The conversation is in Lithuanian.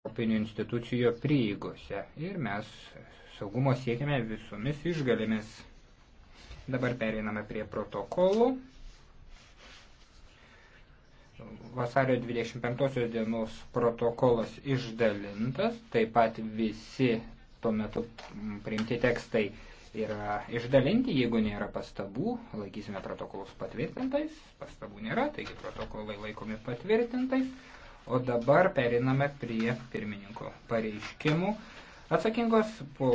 europinių institucijų prieigose ir mes saugumo siekiame visomis išgalėmis. Dabar pereiname prie protokolų. Vasario 25 dienos protokolas išdalintas, taip pat visi tuo metu priimti tekstai yra išdalinti, jeigu nėra pastabų, laikysime protokolus patvirtintais, pastabų nėra, taigi protokolai laikomi patvirtintais. O dabar periname prie pirmininko pareiškimų. Atsakingos po